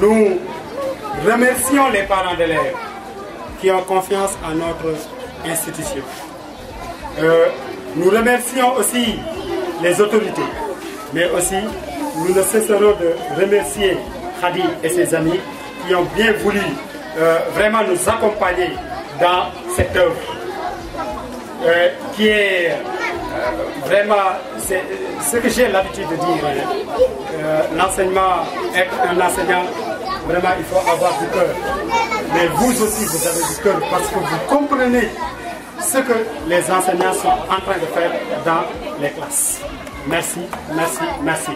Nous remercions les parents d'élèves qui ont confiance en notre institution. Euh, nous remercions aussi les autorités, mais aussi nous ne cesserons de remercier Khadi et ses amis qui ont bien voulu euh, vraiment nous accompagner dans cette œuvre euh, qui est vraiment ce que j'ai l'habitude de dire. L'enseignement, est un enseignant Vraiment, il faut avoir du cœur. Mais vous aussi, vous avez du cœur parce que vous comprenez ce que les enseignants sont en train de faire dans les classes. Merci, merci, merci.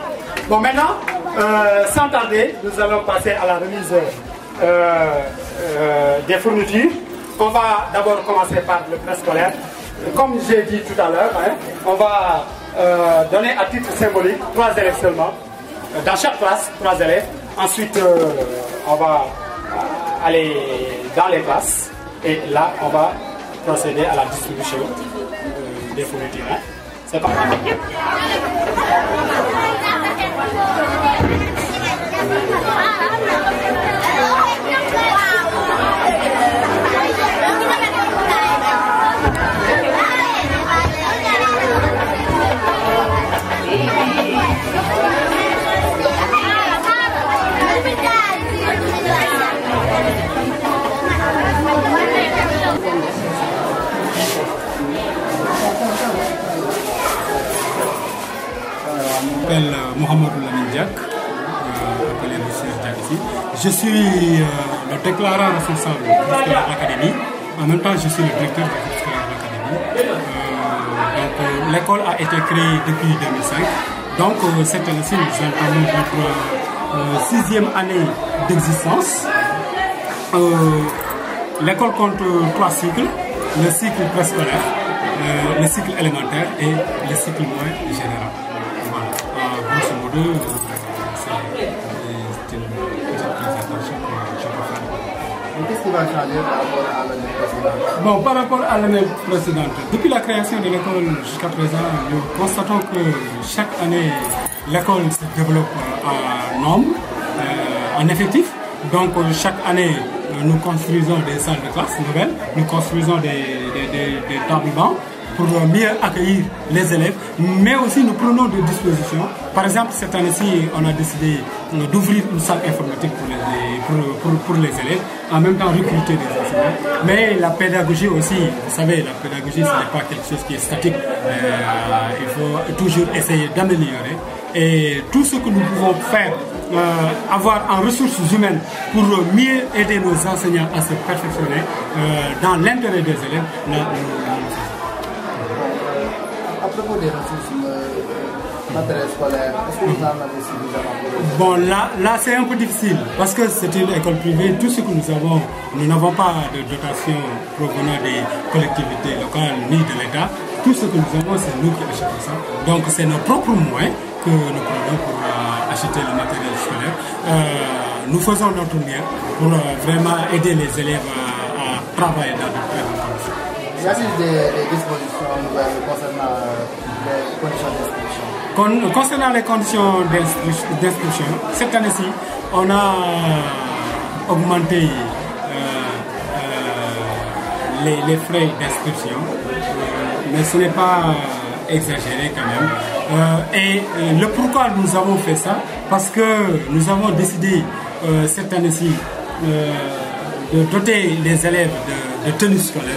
Bon, maintenant, euh, sans tarder, nous allons passer à la remise euh, euh, des fournitures. On va d'abord commencer par le pré-scolaire. Comme j'ai dit tout à l'heure, hein, on va donner à titre symbolique trois élèves seulement. Dans chaque classe, trois élèves. Ensuite, euh, on va aller dans les classes et là, on va procéder à la distribution euh, des fournitures. C'est parti. Je suis euh, le déclarant responsable de l'Académie. En même temps, je suis le directeur de l'Académie. Euh, euh, l'école a été créée depuis 2005. Donc, cette année-ci, nous notre sixième année d'existence. l'école compte trois cycles. Le cycle préscolaire, le cycle élémentaire et le cycle moins général. Voilà, grosso modo. par rapport à l'année précédente Bon, par rapport à l'année précédente, depuis la création de l'école jusqu'à présent, nous constatons que chaque année, l'école se développe en nombre, euh, en effectif. Donc, chaque année, nous construisons des salles de classe nouvelles, nous construisons des, des, des, pour mieux accueillir les élèves, mais aussi nous prenons des dispositions. Par exemple, cette année-ci, on a décidé d'ouvrir une salle informatique pour les pour, les élèves, en même temps recruter des enseignants. Mais la pédagogie aussi, vous savez, la pédagogie, ce n'est pas quelque chose qui est statique. Euh, il faut toujours essayer d'améliorer. Et tout ce que nous pouvons faire, euh, avoir en ressources humaines pour mieux aider nos enseignants à se perfectionner euh, dans l'intérêt des élèves, nous, À propos des matériel scolaire Est-ce que vous en avez Bon, là, c'est un peu difficile parce que c'est une école privée. Tout ce que nous avons, nous n'avons pas de dotation provenant des collectivités locales ni de l'État. Tout ce que nous avons, c'est nous qui achetons ça. Donc, c'est nos propres moyens que nous prenons pour euh, acheter le matériel scolaire. Euh, nous faisons notre bien pour euh, vraiment aider les élèves à, travailler dans le présentation. Y a t des, dispositions concernant les conditions concernant les conditions d'inscription, cette année-ci, on a euh, augmenté euh, euh, les, frais d'inscription, mais ce n'est pas exagéré quand même. et le pourquoi nous avons fait ça, parce que nous avons décidé cette année-ci de doter les élèves de, de tenues scolaires.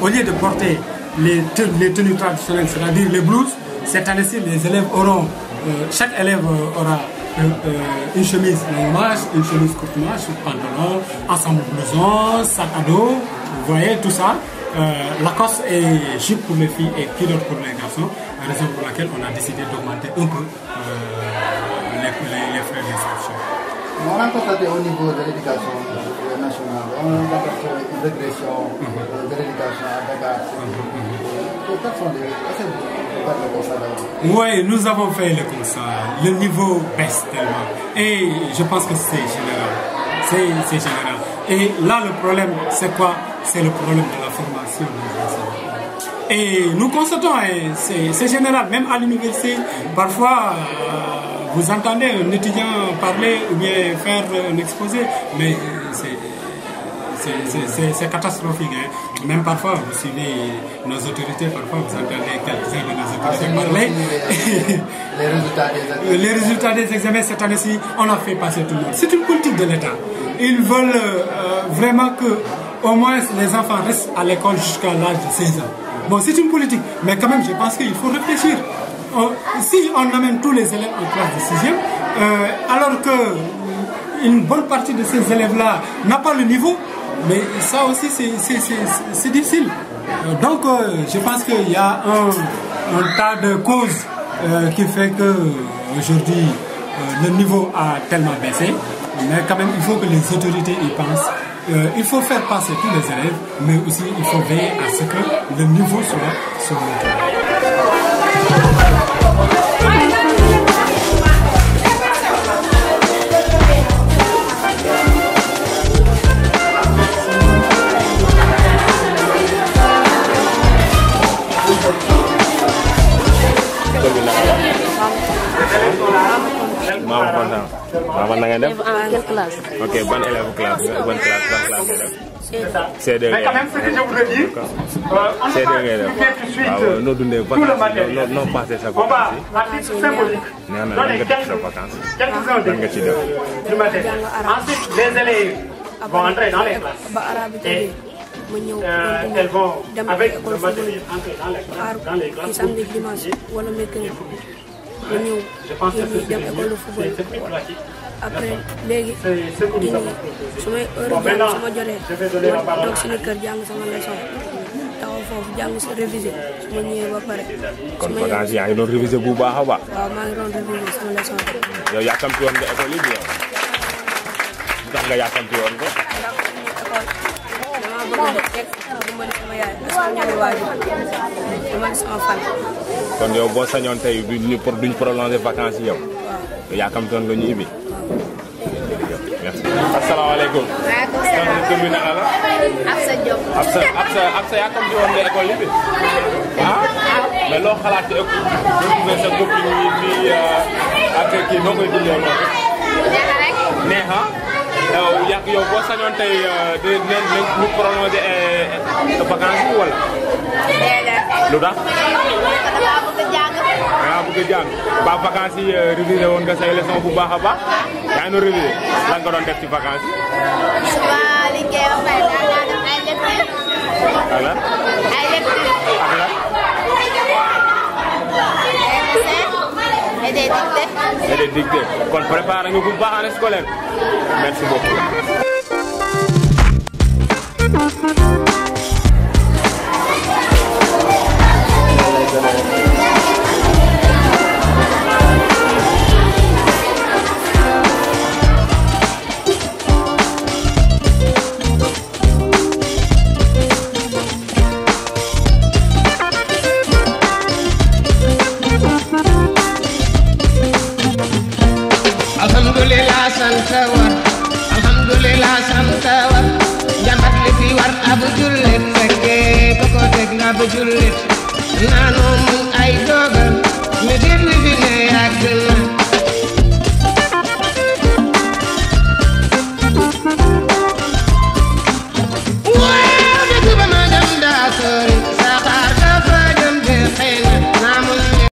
Au lieu de porter les, tenues traditionnelles, c'est-à-dire les blouses, cette année-ci, les élèves auront, euh, chaque élève euh, aura euh, euh, une chemise longue manche, une chemise courte un pantalon, ensemble blouson, sac à dos, vous voyez tout ça. Euh, Lacoste est jupe pour les filles et pilote pour les garçons, raison pour laquelle on a décidé d'augmenter un peu euh, les, les, les frais d'inscription. On a constaté au niveau de l'éducation nationale, on a constaté une régression mhm. de l'éducation à Dakar. Mhm, mhm. Quels sont les oui, nous avons fait le constat. Le niveau baisse tellement. Et je pense que c'est général. C'est général. Et là, le problème, c'est quoi C'est le problème de la formation Et nous constatons, hein, c'est général, même à l'université, parfois, euh, vous entendez un étudiant parler ou bien faire un exposé, mais euh, c'est c'est catastrophique. Hein. Même parfois, vous suivez nos autorités, parfois vous entendez quelques-uns de nos autorités ah, parler. Les résultats des examens. Les résultats des examens cette année-ci, on a fait passer tout le monde. C'est une politique de l'État. Ils veulent euh, vraiment que au moins les enfants restent à l'école jusqu'à l'âge de 16 ans. Bon, c'est une politique, mais quand même, je pense qu'il faut réfléchir. Oh, si on amène tous les élèves en classe de 6e, euh, alors qu'une bonne partie de ces élèves-là n'a pas le niveau, mais ça aussi, c'est difficile. Euh, donc, euh, je pense qu'il y a un, tas de causes euh, qui fait qu'aujourd'hui, le niveau a tellement baissé. Mais quand même, il faut que les autorités y pensent. il faut faire passer tous les élèves, mais aussi il faut veiller à ce que le niveau soit, sur le soit tur bi naka la. maama kontaan. maama na nga def. ok ban élève classe ban classe ban classe nga def. C2 ngay def C2 ngay def waaw noo dundee vacances noo passé sa vacances yi. nee na lan nga def sa vacances lan nga ci def. Ensuite les élèves vont entrer dans les classes. ma ñëw dem école football par ci samedi dimanche wala mercredi ma ñëw ñuy dem école football après léegi ñu su may heure semuanya su ma semuanya ma toog suñu kër jàng sama leçon semuanya foofu jàng sa révisé su ma bu baax a baax waaw maa ngi doon révisé sama leçon yow yàkkamti woon nga école yi yow ko kon yow boo sañoon tey duñ duñ prolonger vacances yi yow. waaw yaakamtoon nga ñu ibi. merci. asalaamaaleykum. waaleykum salaam donc commune la. Absa Diop. Absa Absa Absa yaakamti woon nga école ah? loo xalaat ci école bi sa copine euh, yàgg yow boo nanti tey di leen leen ñu prolongé vacances bi wala. lu tax. waaw bëgg jàng. waaw ba vacances yi révisé woon nga say leçon bu baax a baax yaa ngi révisé nga doon def ci vacances ba ay ay kon nga bu scolaire. Merci beaucoup. Thank you. And I know